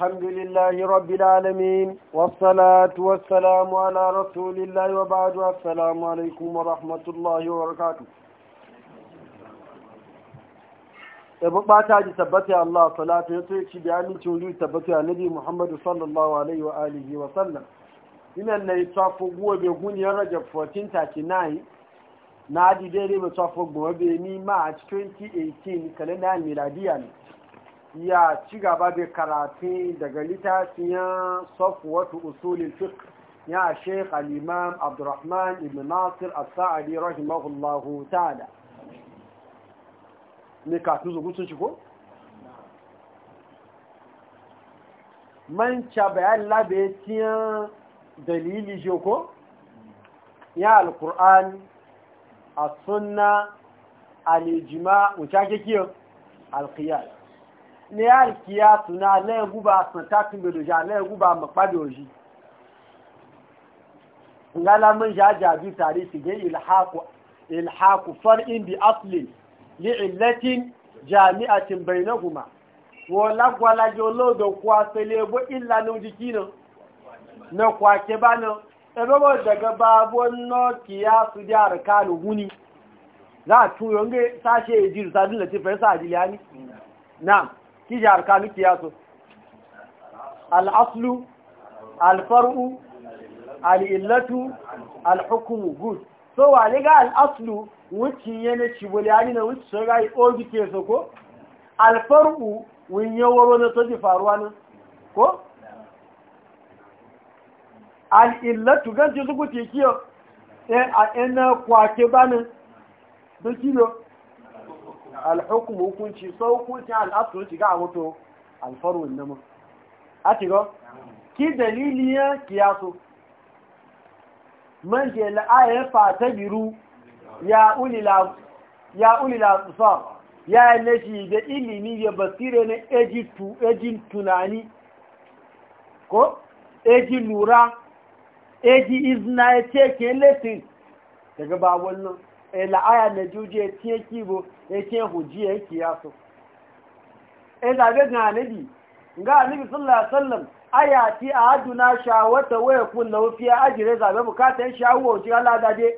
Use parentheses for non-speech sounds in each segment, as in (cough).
الحمد لله رب العالمين والصلاة والسلام على رسول الله وبعد السلام عليكم ورحمة الله وبركاته ebe bata ji tabbata ya Allah salatu ya tsaye ci da amincin wuri tabbata ya nabi Muhammad sallallahu alaihi wa alihi wa sallam ina ne ta na yi be gobe ya Rajab 1439 na di dare adi ta mai tsafo be ni March 2018 kalenda miladiya ne ya ci gaba da karatu daga littafiyan safwatu usulul fiqh ya Sheikh al-Imam Abdurrahman ibn Nasir As-Sa'di rahimahullahu ta'ala ne ka tuzo gutsun shi ko man cha bayan labetiyan dalili je ko ya al-Qur'an as-sunna al-ijma' wa cha al-qiyas ní àìkíyàtù ní alẹ́ ẹgbúbà sàntàkìmẹ̀lòjì alẹ́ ẹgbúbà mọ̀pàdé òjì ya jaja bi tare su ga ilhaku far'in bi aslin li illatin jami'atin bainahuma wala gwala jolo da kwa sele bo illa no jiki no na kwa e za tu yonge sashe ejir sadin latifai sa e na'am kí ṣe àrkánú kíyàtọ̀ al'aslu alfar'u al'illatu al'hukumu good so wà ní ga al'aslu wucin yana ciboli a nina wucin sun rai ogi ke so ko alfar'u wunye waro na toji faruwa nan ko al'illatu ti zuku tekiyo ɗan eh, a ɗan eh, kwake banin duk kilo alhukumu hukunci sau hukuncin al'afsu shiga a mutu alfarwin nama a shiga ki dalili ya kiyaso man ke la'ayar fata biru ya ulila sa ya yi nashi da ilimi ya basire na ejin tunani ko eji lura eji izina ya ce ke latin daga babon nan Eh, la aya na juje tiye kibo e ya ke hujiya ya e kiyasu in eh, zabe ga anabi ga anabi sallallahu alaihi wasallam aya ti a aduna shawata waya kun lafiya ajire zabe bukatan shawo ji ala da je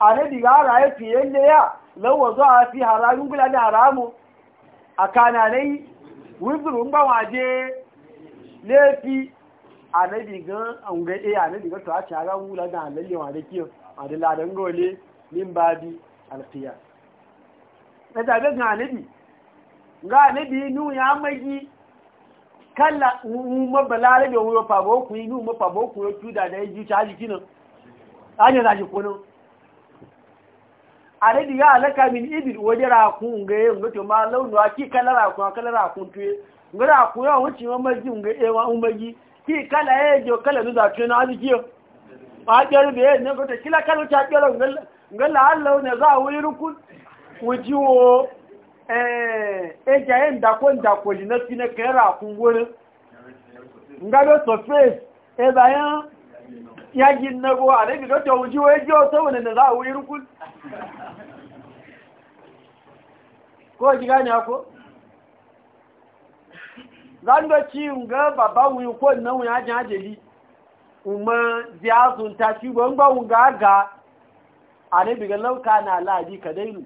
anabi ga raye fiye ne ya lawa zo a fi haramun gula da haramu a kananai wuzuru ba waje lefi anabi ga an ga eh ga to a ci haramun gula da halalle wa da kiyo a da ladan gole min bi alqiyas da daga ga anabi ga anabi nu ya magi kala umma balale da wuyo fa bo ku inu ma pa bo ku tu da da ju chaji kina anya da ji kono are ya alaka min ibil wajara ku ga yin mutu ma launu aki kala ra ku kala ra ku tuye ngara ku ya wuce ma maji ga ewa umagi ki kala e jo kala nu da na ji ki ba jar be ne ko ta kila kala ta kala nga la'allahu ne za a wuri rukun wujiwo ẹja eh, e yin dako dako na fi na kai rakun wurin nga do surface e bayan yagin na go a daga dota wujiwo ya e jiwo to wani za a wuri rukun ko ji gani ako zan da ci nga babba wuyi ko nan wuyi ajin ajeli umar ziyazun ta ci gbangba wunga aga. ale biga lauka na ladi ka dainu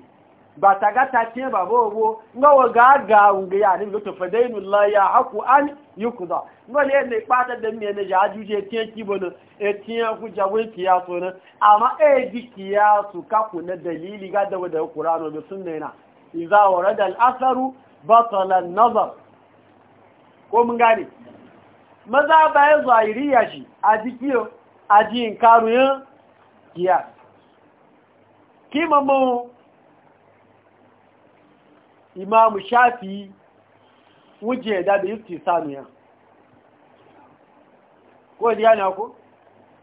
ba ta ga ta ce ba bobo nga wa ga ga unga ya ne ga to fadainu la ya haku an yukuda ngo le ne pata da me ne ja juje tie ki bono e tie ku ja we ki ya so na amma e di ki ya su ka ku na dalili ga da da qur'ano da sunna na idza warada al atharu batala an nazar ko mun gane maza ba ya zahiriya shi a jikiyo a ji inkaru yin kiyas kí mọ́mọ́ ìmáàmù ṣáàfì wọ́n jẹ ẹ̀dá bí ìfì kó ní yá ní ọkú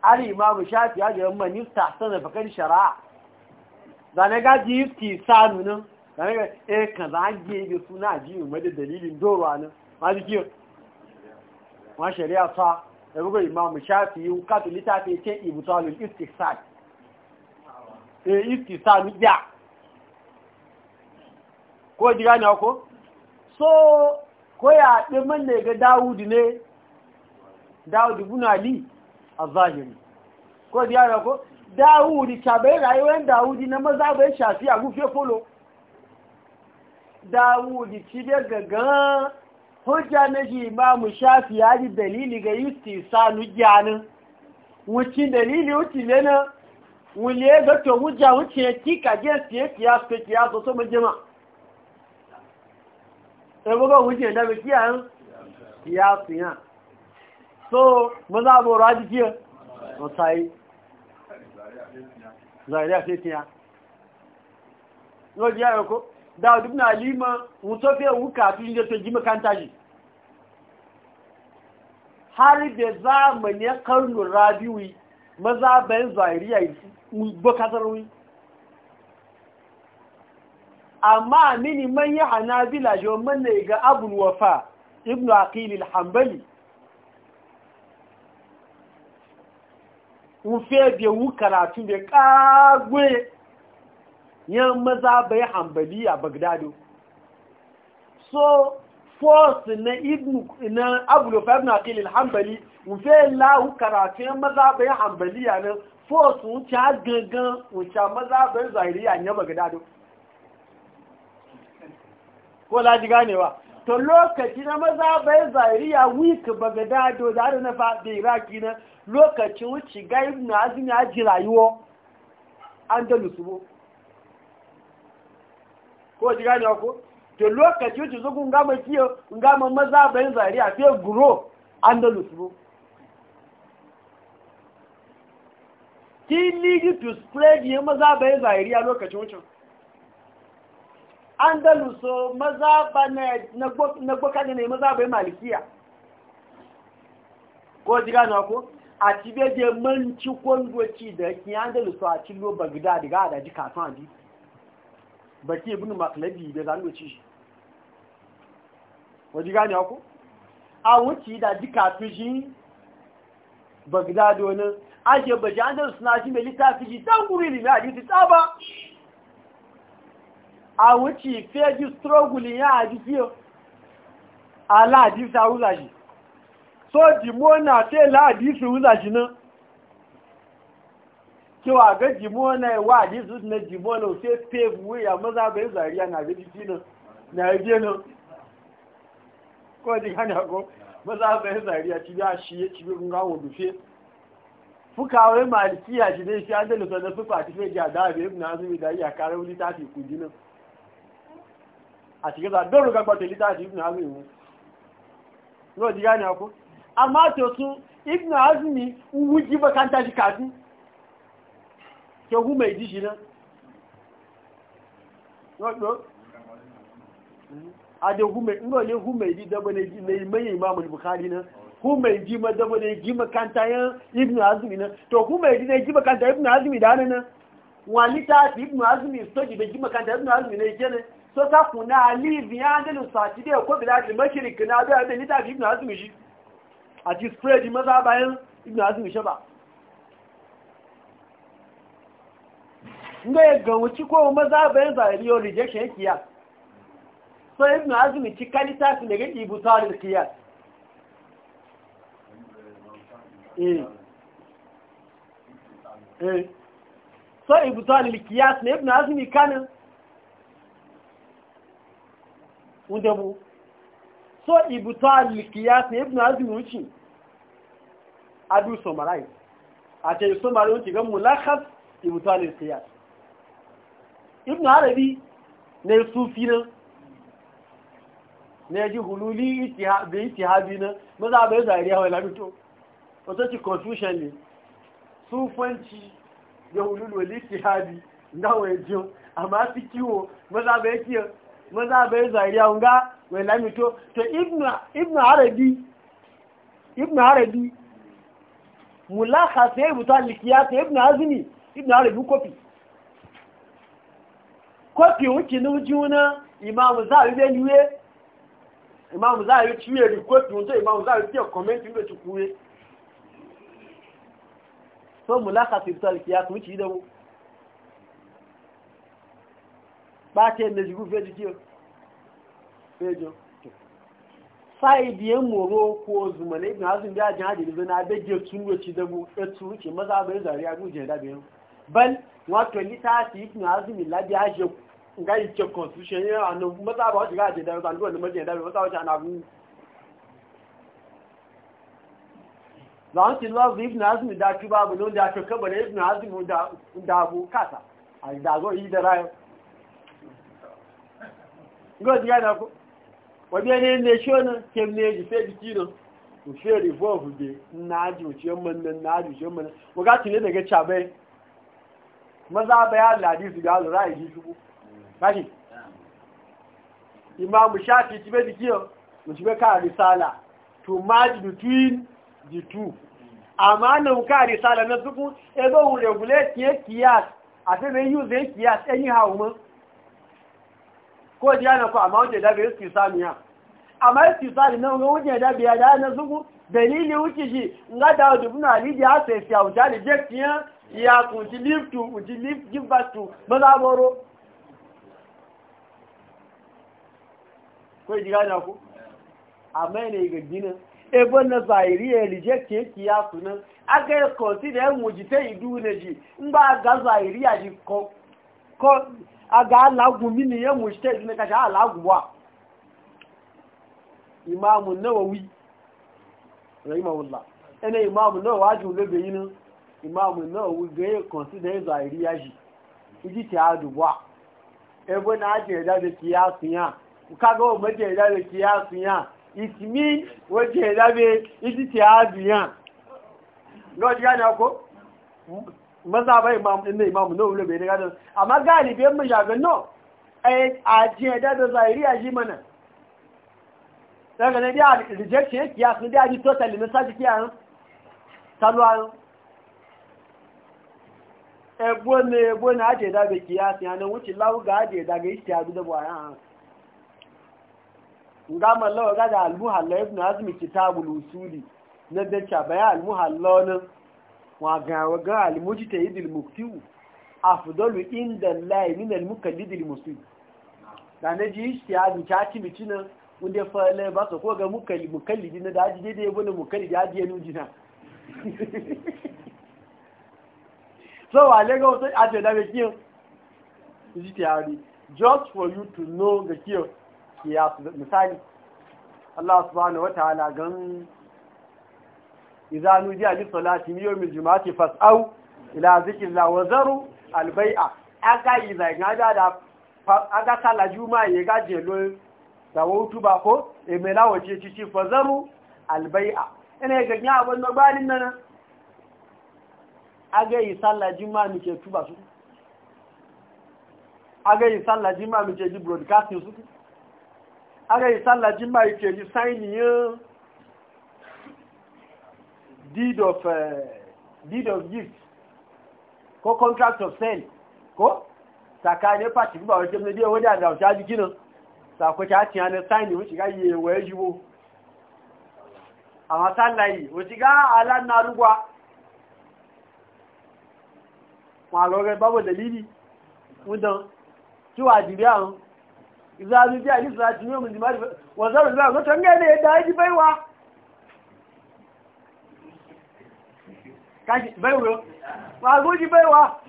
a rí ìmáàmù ṣáàfì ajẹ́rẹ̀ mọ́ ní sàtọ́nà fẹ́kẹ́rì ṣàrá zanega ji ìfì sàmì náà zanega ẹ̀kàn fún náà jí dalilin dóró àná wọ́n ti kí wọ́n ṣẹ̀rí àfá ẹgbẹ́gbẹ́ ìmáàmù ṣáàfì ìtì sáàmì jà ko jira ne ko so ko ya manne ga ne ko ko na maza bai shafi a gufe folo dawud na shi mu shafi ya ji dalili ga yusti sanu janin wucin dalili wucin ne wule ga to wuja wuce ki ka je siye kiya ke kiya so so mujima e bo ga wuce da be kiya kiya tiya so maza bo raji kiya no sai zaria ke tiya no jiya ko da duk na lima mutu fe wuka fi inda to jima makanta ji har da zamanin karnu rabiwi maza bayan ya zahiriya bakatarwi amma mini man yi hanabila yomin ne ga abun wafa ibn aqilil hanbali wufe biya wu karatu da kagwe yan maza bayan Hambali a bagdado so force na abun wafa ibn aqilil Hambali. wufe lahu karatun mazaɓin hambaliya nan force wuce gangan wuce mazaɓin zahiriya ne ba gada ko laji wa, to lokaci na mazaɓin zahiriya wiki ba gada do da na faɗi iraki na lokacin wuce gai na azumi ya ji rayuwa andalus bo ko ji ganewa ko to lokaci wuce zugun gama kiyo gama mazaɓin zahiriya fiye guro andalus bo ki need to spread ya maza bai zahiri a lokacin wucin An so maza ba na gbokane ne maza bai malikiya ko jira na ko a ti beje manci kwandoci da ki so a cilo bagida daga adaji kafin ba baki ibn maklabi da zangoci shi ko jira na ko a wuce da jika fi shi bagida donin ake bajanar suna shi mai littafi ji san guri ne a jisi tsaba a wuce feji stroguli ya a jisi ala a jisi a wuza so jimo na fe la a jisi na. nan kewa ga jimo na wa a na jimo na fe fe ya maza bai zariya na ga jisi nan na ya biya na. kowace gani ako maza bai zariya ci ya shi ya ci bi kun gawo dufe fukawai malikiya shi ne shi an da lusanar su fati fai ga da abin ibn azumi da iya karar littafi ku jinin a cikin za don ruga gbata littafi ibn azumi mu yau ji gane ku amma to su ibn azumi wuji bakanta shi kafi ke hu mai ji shi nan yau a da hu mai ji daba na yi mai imamul bukari nan ku mai ji madaba ne ji makanta ya ibn azumi na to ku mai ji ne ji makanta ibn azumi da nan wani ta fi ibn azumi so ji da ji makanta ibn azumi ne ke ne so ta kuna alivi ya ngani sati da ko bila da mashirik na da da ni ta fi ibn azumi shi a ji spread maza bayan ibn azumi shaba nga ya gawuci ko maza bayan zahiri yo rejection kiya so ibn azumi ci kalita su daga ibu talil kiyas Eh. Eh. so ibtal al-qiyas ne ibn azmi kanin wanda bu so ibtal al-qiyas ne ibn azmi wuce adu somarai a ce somari wuce ga mulakhas ibtal al-qiyas ibn arabi ne sufi nan ne ji hululi ijtihadi na maza bai zariya wala mito wato ci confusion ne sufanci ya wululu waliki hadi ndawo ya jiyo amma su kiwo maza bai kiyo maza bai zariya nga wai lamito to ibnu arabi ibnu arabi mulaka sai buta likiya ta ibnu azmi ibnu arabi kofi kofi wuce na wujuna imamu za a yi bai yiwe imamu za a yi ciwe da kofi wuce imamu za a yi fiye komenti da ci kuwe so mulakasa ibta alkiyas mu da mu ba ke ne jigu fe jikiyo fejo saidiyen moro ko zumane ibn hazin biya jin hajji zai na bege tun ci da mu etu wuce maza bai zariya guje da bayan bal wato litati ibn hazin la biya je ngai ke constitution ya anu maza ba wace ga da zan duwa ne maje da maza wace ana gudu zan ti lọ ibn azmi da ki babu lo da to ibn azmi da da bu kasa a da go yi da rayo go di yana ko wabi ne ne shona kem ne ji fe bikino ku fe revolve de na ji uce man nan na ji ne maza risala to match di 2 amma nan ka risala na suku ebe un regulate ye kiyas afi mai yi ye kiyas anyhow mun ko ji ana ko amma wajen dabe yake samiya amma yake sami nan ga wajen dabe ya da na suku dalili wuce shi nga da dubu na liji a sai siya wuce da ya kunci live to kunci live give back to boro ko ji na ku amma ne ga ginin ebe na zahiri ya rejecti yake ya suna aga yi consider yan wujite idu na mba aga ba ga ya ji ko a ga alagun mini yan wujite idu na kashi alaguwa imamu nawawi rahimahullah ene imamu nawa waju lobe yi nan imamu nawawi ga yi consider yan zahiri ya ji iji ti aduwa ebe na ajiye da da kiyasunya kaga o majiye da da ya. ìsìmí wọ́n jẹ́ lábẹ́ ìdí tí a dùnyàn lọ́dí gá ní ọkọ́ mọ́sáàbá ilẹ̀ ìmàmù náà wúlò bèèrè gádọ́ àmá gáàlì bí mú ìyàgbẹ̀ náà a ẹgbọ́n ni ẹgbọ́n àjẹ̀dàgbẹ̀ kí a fi àná wúci láwùgá àjẹ̀dàgbẹ̀ ìṣẹ́ àgbẹ̀dẹ̀bọ̀ àrùn nga mallawa ga da almuhalla ibn azmi kitabul usuli na da cha bayan almuhalla nan wa ga wa ga almujtahid almuktiu afdalu inda allahi min almukallid almuslim da ne ji istiyadi ta ci micina wanda fa le ba so ko ga mukalli mukallidi na da dai dai bane mukalli ji ajiye jina. (laughs) so wa le go so ajo da be kiyo istiyadi just for you to know the kiyo kiyasu misali Allah subhanahu wa ta'ala gan idza nudiya li salati yawmil jumu'ati fas'au ila zikrillah wa zaru albai'a aga idza ngada da aga sala juma'a ye ga je lo da wutu ba ko e mela wace cici fa zaru albai'a ina ga nya abun mabalin nan aga yi sala juma'a muke tuba su aga yi sala juma'a muke ji broadcasting su yi ara ìsàlà jímà ìkèlì sáìnì yán deed of uh, deed of gift ko contract of sale ko Saka ne tsakanin party ba wajen na biya wadda da wata jiki nan sakwace hati yanar sani wuce ga yi waye jiwo yi masallayi wuce ga ala na rugwa malorai babu dalili wudan bi jiriyar za su ji a ji suna cinye mu jimari wa zaru zuwa zo can gane yadda haji baiwa kashi baiwa ma guji baiwa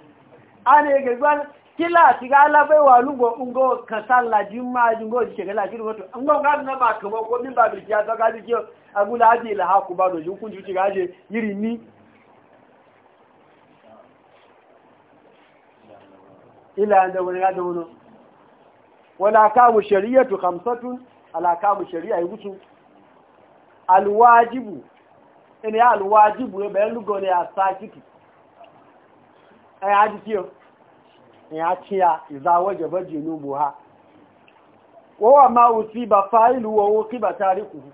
a ne gaggwa kila shiga ala baiwa lungo ungo ka salla jimma jingo ji shekala kiri wato an gwa gani na ba kama ko min ba bi ya zaka ji kiyo a gula haji ila haku ba doji hukunci shiga haji yiri ni ila da wani ga da wani wala kamu shari'atu khamsatun ala kamu shari'a yusu alwajibu ina ya alwajibu ya bayan lugo ne a sakiti ai haji kiyo ya ciya iza wajaba ha. wa ma usiba fa'ilu wa uqiba tarikuhu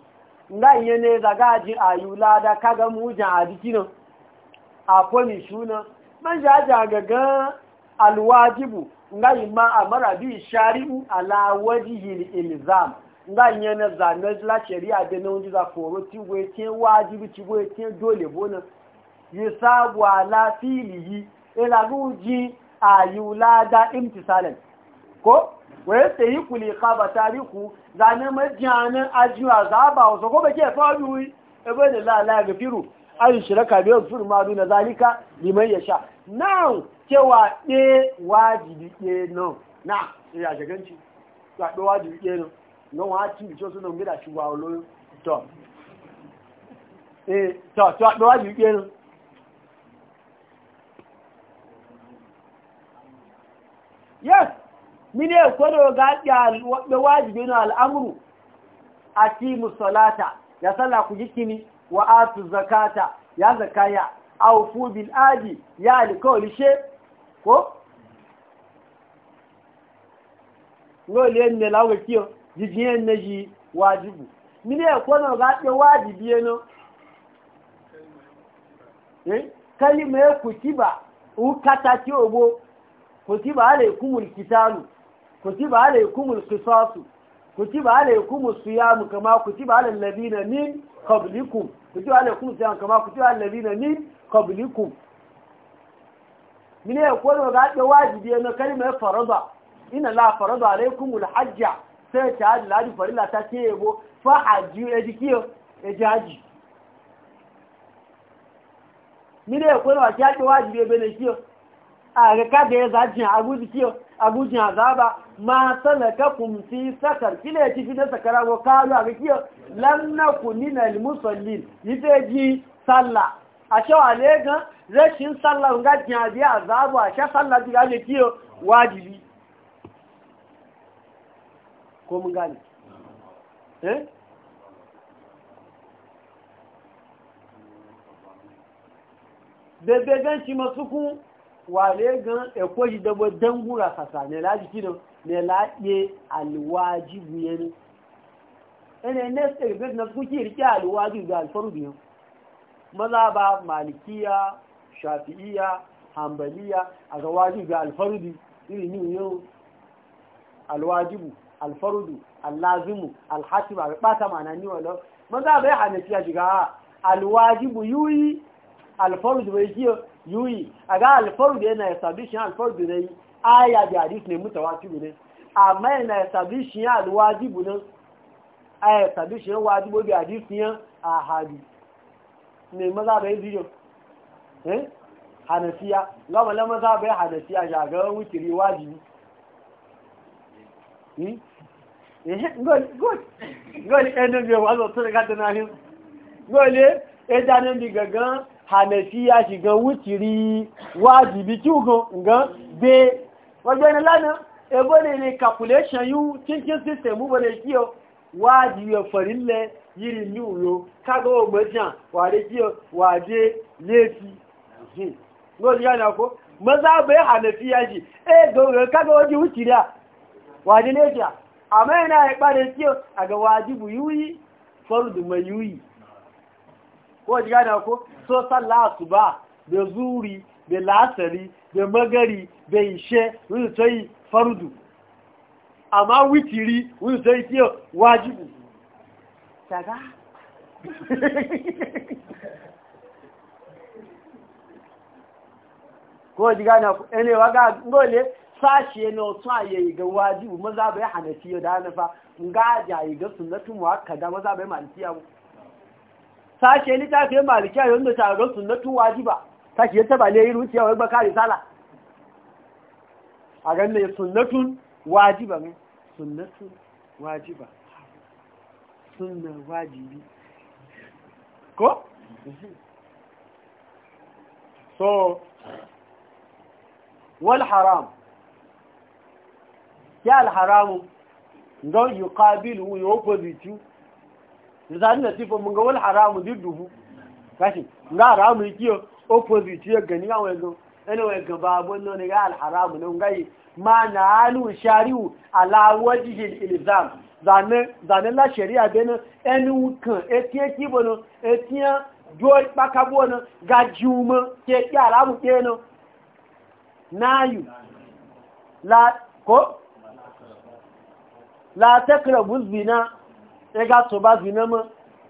ndan yene daga ji ayula da kaga mujan adikino a poni shuna man jaja gaga alwajibu nga ima amara bi shari'u ala wajihi ilzam nga yana zane la shari'a da na wani za foro ti wetin wajibu ti wetin dole bona yi sabu ala filihi ila guji ayulada imtisalan ko waye tsayi kuli kaba tariku zane majiyanin ajiwa zaba wasu ko bake faru ebe ne la la gafiru ayi shiraka biyar firma duna zalika liman yasha now cewa ɗe wajibi ɗe nan na ya shaganci ya ɗe wajibi ɗe nan nan wa ci bi suna gida shi wa olo to eh to to ɗe wajibi ɗe nan yes mini ne kodo ga ɗe wajibi na al'amuru a ci musalata ya salla ku ji kini wa atu zakata ya zakaya aufu bil adi ya alkawli she ko lóòlì ẹni láwọn kí o jíjí ẹni yí wájúbù nílé ẹ̀kọ́ náà bá pé wájìbí ẹnu kálímẹ̀ kùtìbà ń kátà tí owó kùtìbà alẹ́ kutiba kìtàlù kùtìbà alẹ́ kúmùl kìsọ́ọ̀sù kùtìbà alẹ́ kúmùl kama kutiba alẹ́ lẹ́bí na ní kọ̀bìlíkùm kùtìbà kama kutiba alẹ́ lẹ́bí na mine ya kwano ga ake wajibi ne kalmar faraba ina la farada alaikum alhajja sai ta haji ladi farila ta ce yabo fa haji ya ji kiyo ya ji haji mine ya kwano ga ake wajibi ya bane kiyo a ga kada ya zaji a guji kiyo a guji zaba ma salaka ka kumsi sakar kila ya ci fi na sakara ko kalu a ga kiyo lam nakunina almusallin yi ta ji sallah a cewa ne gan rashin sallar ga jinabi a zabu a sha sallar ga ne kiyo wajibi ko mun gane eh bebe gan shi masu kun wale gan ekwo shi dabo dangura kasa ne la jiki ne ne la ye alwajibu yani ene ne sai ga na kuki rike alwajibu da alfaru biyu mazaba malikiya shafi'iya hambaliya a ga wajibi ga alfarudi irin yau alwajibu alfarudu allazimu alhakim a bata mana ni wallo mazaba ya hanafiya shiga alwajibu yuyi alfarudu bai kiyo yuyi a ga alfarudu yana establishing alfarudu ne aya da hadis ne mutawatibu ne amma yana establishing alwajibu ne aya establishing wajibu da hadis ne a hadis mai maza bai ziyo eh hanafiya gama na maza bai hanafiya shagarar wutiri wajibi gole ẹni bí wà lọ tó rẹ̀ gádẹ náà ní gole ẹjá ní bí gangan hanafiya ṣigan wutiri wajibi tí ó gan gbé wọ́gbẹ́ ni lánàá ẹgbẹ́ ni calculation yíó thinking system wọ́n lè kí ọ wajibi yìí ní òyò kágbó ògbẹ́sàn wà lè kí wà dé léèkì lóò ní yánà kó mọ́sáàbẹ̀ àmẹ́fí yájì ẹgbẹ̀rẹ̀ kágbó ojú wùkìrí à wà dé léèkì à àmẹ́ iná ìpàdé kí àgbẹ̀wà àjíbù yúwí ma yúwí kó ní yánà kó tó sálà àtùbà da zuri da lasari, da magari da ishe wùsùtọ́ yìí fọ́rùdù àmá wìkìrí wùsùtọ́ yìí wajibu shaga (laughs) ko ji gane ku ene wa ga sashi sashe ne otu aye ga wajibu maza bai hanafi da hanafa nga ja yi ga sunnatu muakkada maza bai malikiya mu sashe ni ta fi malikiya yanda ta ga sunnatu wajiba ta ki taba ne yi ruciya wai bakari sala a ganin sunnatun wajiba ne sunnatun wajiba sunna wajibi ko? so wal haram ya al haramu don yi ƙabilu yi opposite na tifo mun ga wal haramu kashi ga haramu yi kiyo opposite gani ga ma na halin shari'u alawajihin ilzam zanen la shari'a benin ẹni kan etí ekí bọ̀nà etí yán dúó pákábọ̀ ọ̀nà ga jíumọ́ tí ekí aláàbù pé ẹnu náàyù látẹ́kẹ̀rẹ̀ bú zina ẹgá tó bá zina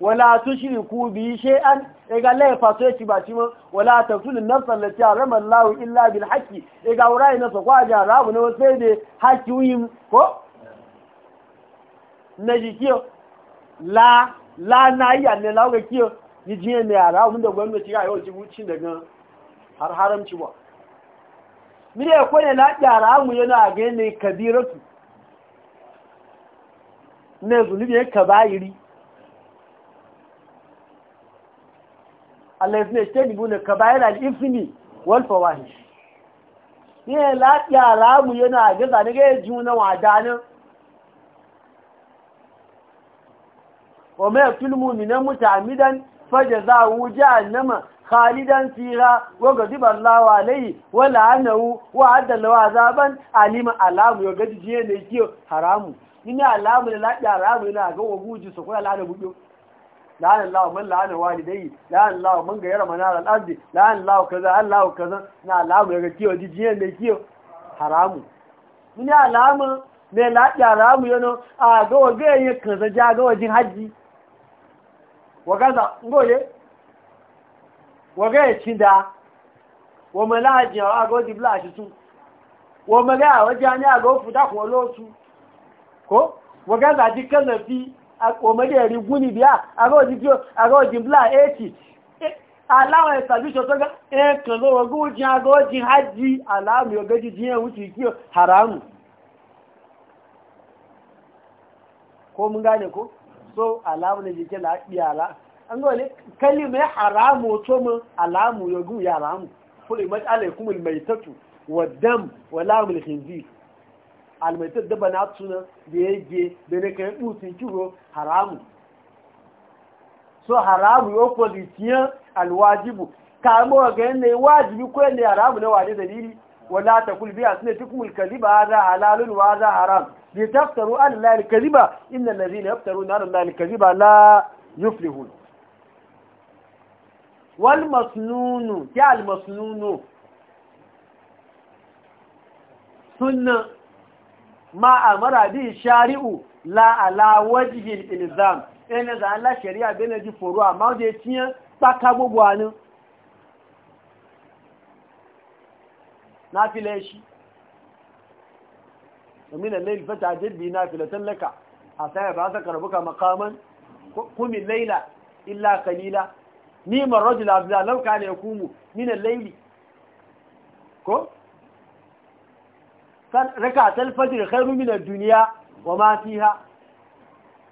wala tushriku bi shay'an ega laifa to yaci ba ci ma wala taqtulu nafsan allati harama Allah illa bil haqqi ega urai na so kwa ja rabu ne sai de haqqi yin ko na jikiyo la la na ya ne lawo kiyo ni jiye ne ara mun da gwamnati ga yau jibuci daga har haramci ba mire ko ne la yara mu yana ga ne kabiratu ne zulubi ka bayiri allazi ne ce dibuna kabair al-ifni wal fawahish ne la ya ramu yana ga zane ga juna wadanin wa ma yaqtul mu'mina mutamidan fajazahu jahannama khalidan fiha wa ghadiba Allahu alayhi wa la'anahu wa adda lahu azaban alima alamu ya gaji ne kiyo haramu ni alamu la ya ramu yana ga wabuji su ko la da bujo la'ana lawa man la'ana walidai la'ana Allah ga yara manar al'adi la'ana kaza Allah kaza na alamu daga kiyo jijiyan da kiyo haramu mun ya alamu ne lafiya haramu yano a ga waje ya kaza ja ga wajin haji wa gaza ngoye wa ga cinda wa malaji a ga wajin blashi su wa a wajen ne a ga fuda ko su ko wa gaza ji kallafi òmọdé ẹ̀rí gúnì bíá agọ́ọ̀dí bílá ẹ̀ẹ́tì aláwọ̀ ìsàbíṣọ́ tó hajji aláàmì ọgẹ́jì jí ti kí haramu ko mun gane ko so alamu ne jike lafiya ra? an haramu to mun alamu ya ya haramu kuma mai tatu wa dam wa almaitar daba na suna da ya ge da na kan dutsen kiro haramu so haramu yau kwalitiyan alwajibu kamo ga yanayi wajibi ko yanayi haramu na wane dalili wala ta kulbi a suna tukumul kaliba za halalun wa za haram bai taftaru an lalil kaliba inda lazi na yaftaru na lalil kaliba la yuflihun wal masnunu ya al masnunu sunna ma amara bi shari'u la ala wajhi al da ene za la sharia bene ji foro ama de tiyan paka gbogbo anu na file shi min al-layl fatajid bi nafilatan laka asaya ba saka karbuka maqaman kumi laila illa qalila ni marrajul abdallah law kana yakumu min al-layli ko rakatul fajr khairu min ad-dunya wa ma fiha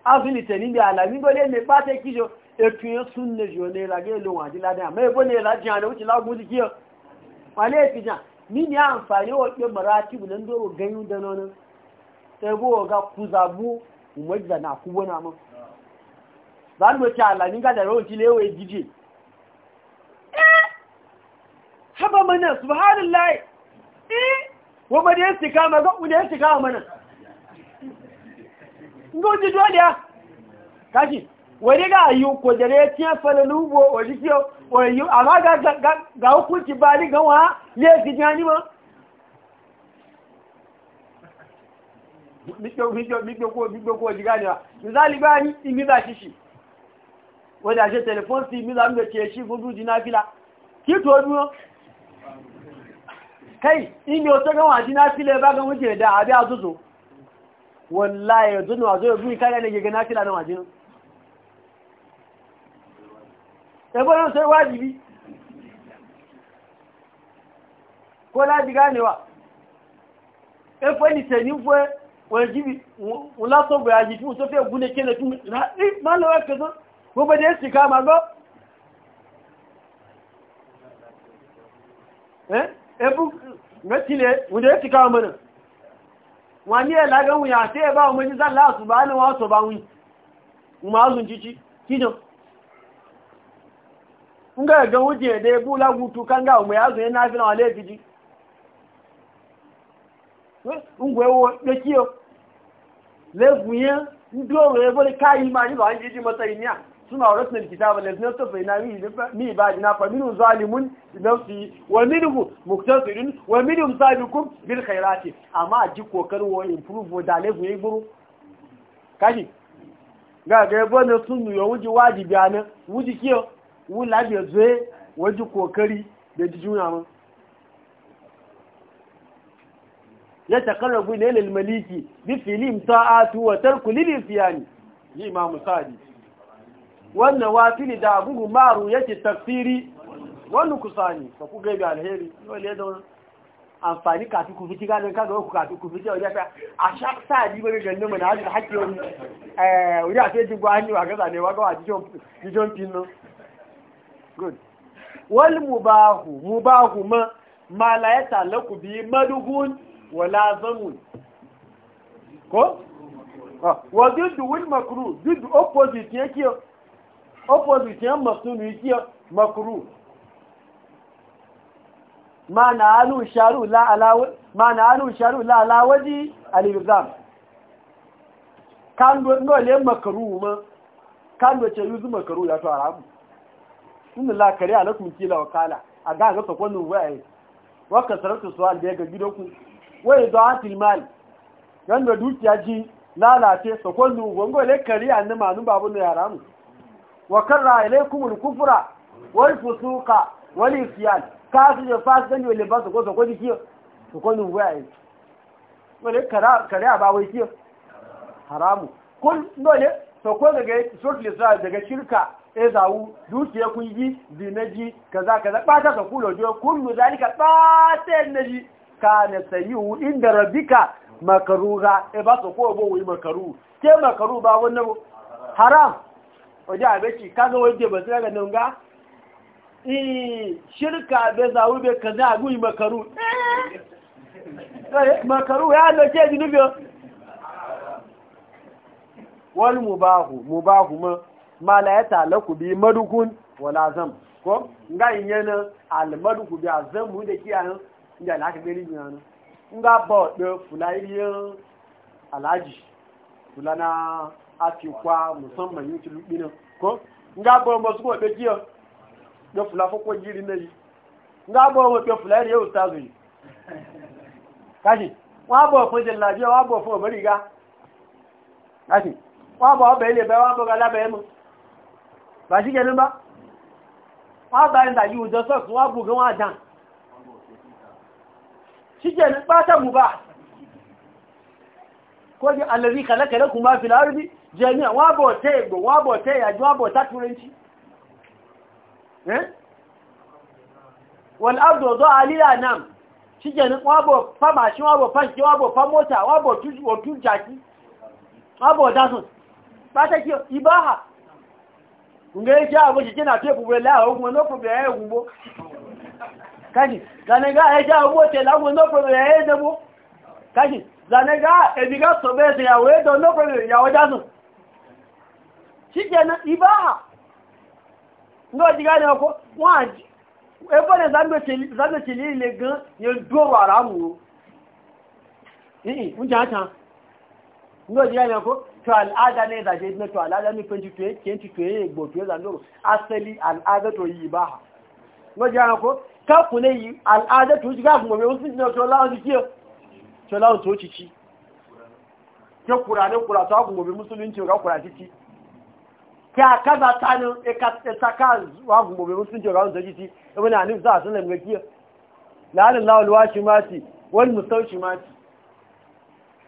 afili tani bi alami gole ne ba ta kijo e etun sunne jo ne la ge lo wadi la da me bo ne la jan wuci la guji kiyo wale ti jan ni ni fa yo ke marati bu nan do doro ganyu da nono te bo ga kuzabu umajda na kubona mun zan do ci alami ga da ro rawci lewe jije haba mana subhanallah eh wọ́n dẹ̀ sì ká mẹ́gọ́ wọ́n dẹ̀ sì ká ọmọ náà ngó jí tó dẹ̀ káṣì wọ́n dẹ̀ gá yíò kò jẹ̀rẹ̀ tí ẹ fẹ́lẹ̀ lúgbò òjísí òyíò ga ókú ti bá ní gan wọ́n lé sí jẹ́ ní mọ́ gbígbókó òjìgá ni wa misali bá ní ìmíza ṣíṣì wọ́n dẹ̀ ṣe tẹlifọ́n sí ìmíza ń bẹ̀ shi ṣí fún dúdú náà fílà kí tó kai inda wata gan na fila ba gan wuce da abi a zuzo wallahi yanzu na wazo yabu kare ne ga na fila na waji ebe sai wajibi ko e la bi ganewa efe ni tẹni fún ẹ wọ́n jíbi wọ́n látọ̀gbẹ̀ àyí fún tó kene gúnlẹ̀ na, lẹ́tún máa wa e kẹsàn gbogbo dẹ̀ e sì ká máa Eh? ebu metile wanda ya cika mana wani ya lagan wuya sai ya ba wa majalisar lasu ba wasu ba wuyi ma sun cici kijin in ga ga wuce da ya bula gutu kan ga mai yazo yana fi na wale fiji in gwe wo da kiyo lefuyen ndo re bari kai ma ni ba an jiji matsayin ya suna warasna kitaba lazi na tafa ina mi ba ina fa minhu zalimun nafsi wa minhu muktasirin wa minhu sabiqun bil khairati amma ji kokarin wa improve da level yi buru kashi ga ga yabo sunu yo wuji wajibi ana wuji kiyo wula bi zo wuji kokari da juna jijuna mun يتقرب إلى المليك بفعل طاعات وترك للانفيان لإمام صادق wannan wafili da abubu maru yake tafsiri wannan kusani ka ku gaibe alheri wale da wani amfani kafin ku fiti ganin kaga ku kafin ku fiti wajen fa a sha sa di ganin mu na da hakki wani eh wuri a sai jigo hannu a gaza ne wa ga wajijon jijon pinno good wal mubahu mubahu ma ma la yatalaku bi wala zamun ko ah, wa duddu wal makruh duddu opposite yake opposite yan masunu yi makuru ma na alu sharu la'alawaji alibizam kando nole makuru ma kando ce yuzu makuru ya tuwa ramu inda lakari alakun kila wakala a ga gasa kwanin waye waka sarauta suwal da ya ga gidanku waye zuwa tilmali yadda dukiya ji lalace sakwannin gwangwale kari a nima nun babu na yara mu wa karra ilaykum al-kufra wal fusuqa wal isyan kafi da fasikan yau liba su kosa kwaji kiyo su kwanin waya yi wale kare ba wai kiyo haramu kun dole so ko daga short list daga shirka e zawu dukiya kun yi zinaji kaza kaza bata ka kulo jo kun mu zalika bata naji ka na sayu inda rabbika makarura e ba so ko bo wai makaru ke makaru ba wannan haram waje a beki kaga waje ba su daga nan ga shirka bai zawu bai ka za a gui makaru eh, makaru ya halace ji nufin wani mubahu mubahu ma la ya talaku bi madukun wala zam ko nga yana almaduku bi azamu da kiyayen inda na aka gani yana nga ba da fulayen alaji fulana a fi kwa musamman yi ko nga bo mo su be jiyo do fula fo jiri nayi nga bo mo be fula re ustaz yi kaji wa bo fo je laje wa bo fo bari ga kaji wa bo be le be wa bo ga la be mu ba shi ke ba wa ba nda yi ujo so wa bu ga wa dan shi ke ni ba ta mu ba kodi ji kalaka khalaqa lakum ma fil ardi jami'a wa bote go wa bote ya ji wa bota turanci eh wal ardu wada'a lil anam shikenan wa bo fa mashin wa bo fanki wa bo fa mota wa bo tuju wa tujaki wa bo dasun ba ta ki ibaha kunga yake abu shi kina teku bai la'ahu kuma no problem ya gumbo kaji ganin ga ya ja abu ce la'ahu no problem ya yi dabo kaji zanega ebiga sobe da yawo edo no problem yawo jazu shikenan ibaha ndo diga e ne ko waji ebo ne zambe chili zambe chili le gan ye doro aramu eh unja cha N'o diga ko to al'ada ne da je ne to al'ada ni 2020 2020 egbo to za ndoro asali al'ada to ibaha ndo diga ne ko ka kule al'ada to diga mo me usin ne to lawo dikiyo sai ci ci? ke kurane kura ta wagon gobe musulunci ga kura ci? Ka a kaza ta ne e, e ta ka wagon gobe musulunci ga wani ci? e wani anif za a sanar ga kiyar lalin lawan washi mati wani musulunci mati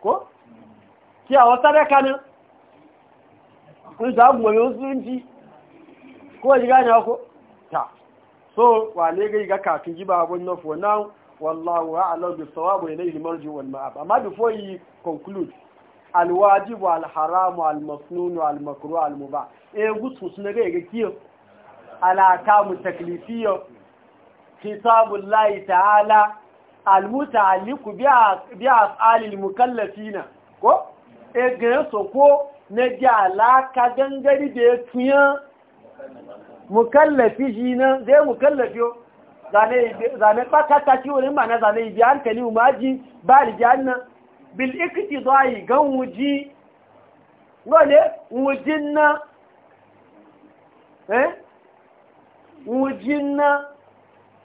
ko Ki a wata reka ne Ku za a gun gobe musulunci ko wani gani ko ta so wa ne gai ga ba jiba wani nufi wannan wallahu a'lam bis sawab wa ilayhi marji wal ma'ab amma before you conclude al wajib wal haram wal masnun wal makruh wal mubah e eh, gusu sun ga ga kiyo ala kamu taklifiyyo kitabullahi ta'ala al muta'alliqu bi bi mukallafina ko e eh, ga so ko na ji alaka gangari da ya mukallafi shi zai mukallafi yau zane ɓakata kiwo ne ma na zane ibi ma umarji ba rijanna bil ikiti zuwa gan wuji wale wujin na eh wujin na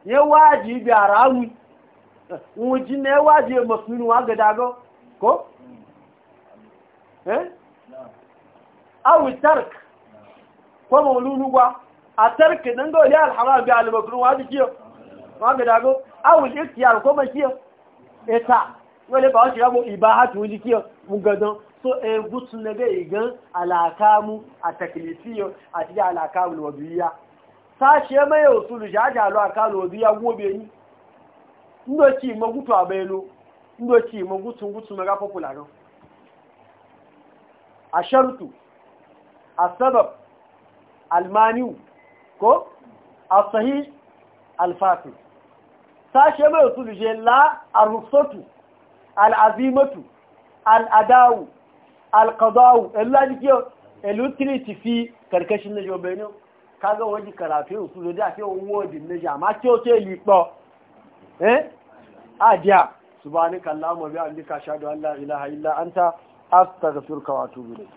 ya waji ibi a wujin na ya waji ya mafinu wa e gadago ko? eh? awitark ko maulunugwa a tarki don ga wani alhamar biya alimakuru wa jikiyo wọ́n gẹ̀dẹ̀ agó ko ṣe kí àrùn kó mọ̀ sí ọ ẹ̀ta wọ́n lè bá wọ́n ṣe rábò ìbá hàtù ojú kí ọ mú gandan so ẹgbù tún lẹ́gẹ̀ ìgán alàkámú àtẹ̀kìlìsí ọ àti alàkámú lọ́bìíyá sáṣẹ́ mẹ́yẹ̀ òtúrù ṣáájà lọ àkámú lọ́bìíyá wó bẹ ní asharutu asabab almaniu ko asahi alfasil sashe mai usulu je la arufsatu al'azimatu al'adawu al'adawu illa jikiyo fi karkashin na jobenu kaga waje karafe usulu da ke wodin na jama ke otu elipo eh adiya subhanakallahumma bihamdika ashhadu an la ilaha illa anta astaghfiruka wa atubu ilayk